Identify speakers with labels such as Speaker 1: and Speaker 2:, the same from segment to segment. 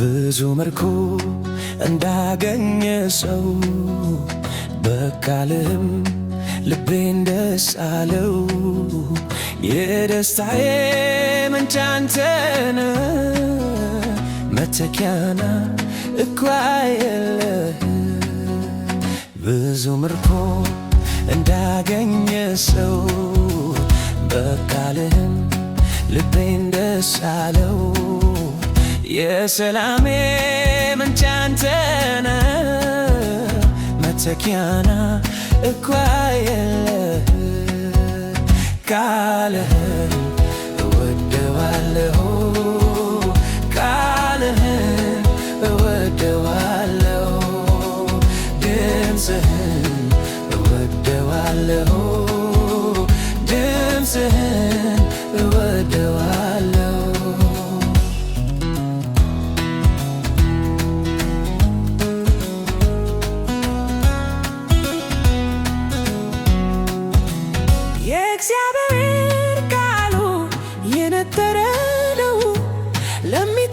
Speaker 1: ብዙ መልኩ እንዳገኘ ሰው በቃልህም ልቤን ደስ አለው። የደስታዬ ምንጭ አንተ ነህ፣ መተኪያና እኳ የለህ። ብዙ ምርኮ እንዳገኘ ሰው በቃልህም ልቤን ደስ አለው የሰላሜ ምንጭ አንተ ነህ፣ መተኪያና እኳ የለህ ካለህ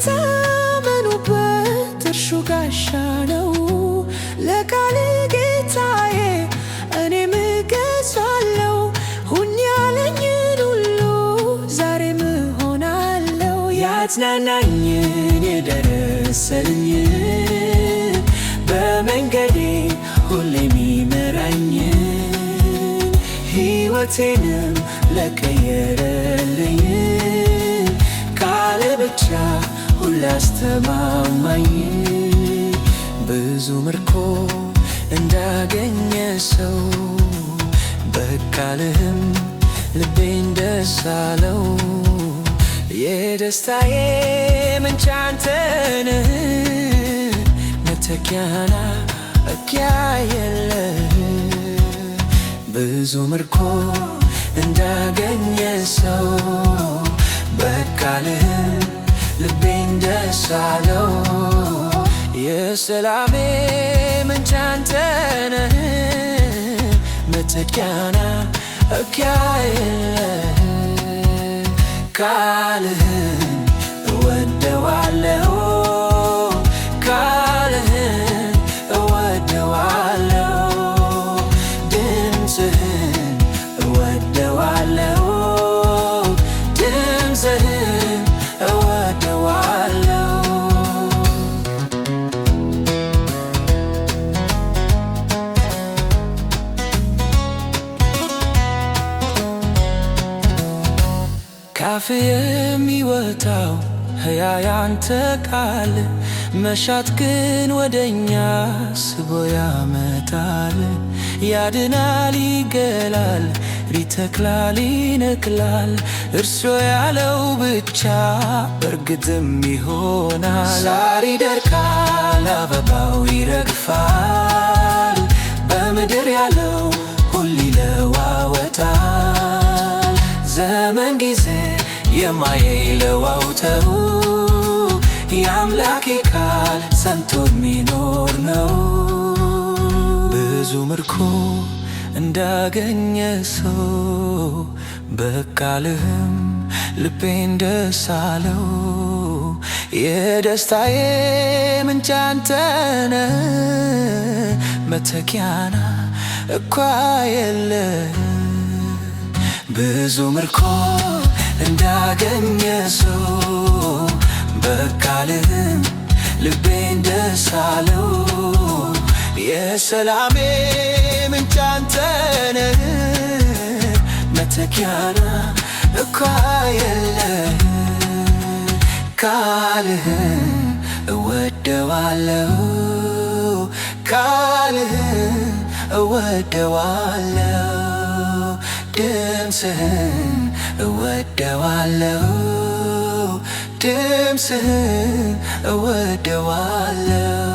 Speaker 2: እመኑበት እርሱ ጋሻ ነው። ለቃል ጌታዬ እኔ እገዛለሁ። ሁን ያለኝን ሁሉ ዛሬም እሆናለሁ።
Speaker 1: ያጽናናኝን የደረሰልኝ በመንገዴ ሁሌ ሚመራኝ ሕይወቴንም ለቀየረልኝ ላስተማማኝ ብዙ ምርኮ እንዳገኘ ሰው በቃልህም ልቤ እንደሳለው የደስታዬ ምንጭ አንተ ነህ መተኪያና የለህ ብዙ ምርኮ እንዳገኘ ሰው በቃልህ ሳለው የሰላሜ ምንጭ አንተ ነህ መጠጊያና እኪያዬ ቃልህን እወደዋለሁ ቃልህን እወደዋለሁ ድምፅህን
Speaker 3: ከአፍ የሚወጣው ሕያ ያንተ ቃል መሻት ግን ወደኛ ስቦ ያመጣል። ያድናል፣ ይገላል፣ ሪተክላል ይነቅላል። እርሶ ያለው ብቻ በእርግጥም ይሆናል።
Speaker 4: ሳር ይደርቃል፣ አበባው ይረግፋል። በምድር ያለው ሁሉ ይለዋወጣል። ዘመን ጊዜ የማይለዋውጠው የአምላኬ ቃል ሰንቶ የሚኖር ነው።
Speaker 1: ብዙ ምርኮ እንዳገኘ ሰው በቃልህም ልቤን ደስ አለው። የደስታዬ ምንጭ አንተ ነህ፣ መተኪያና እኳ የለ ብዙ ምርኮ እንዳገኘ ሰው በቃልህም ልቤን ደስ አለው። የሰላሜ ምንጭ አንተ ነህ፣ መተኪያና እኳ የለህ። ቃልህን እወደዋለሁ፣ ቃልህን እወደዋለሁ ድምፅህን what do I love? Damn oh, soon, what do I love?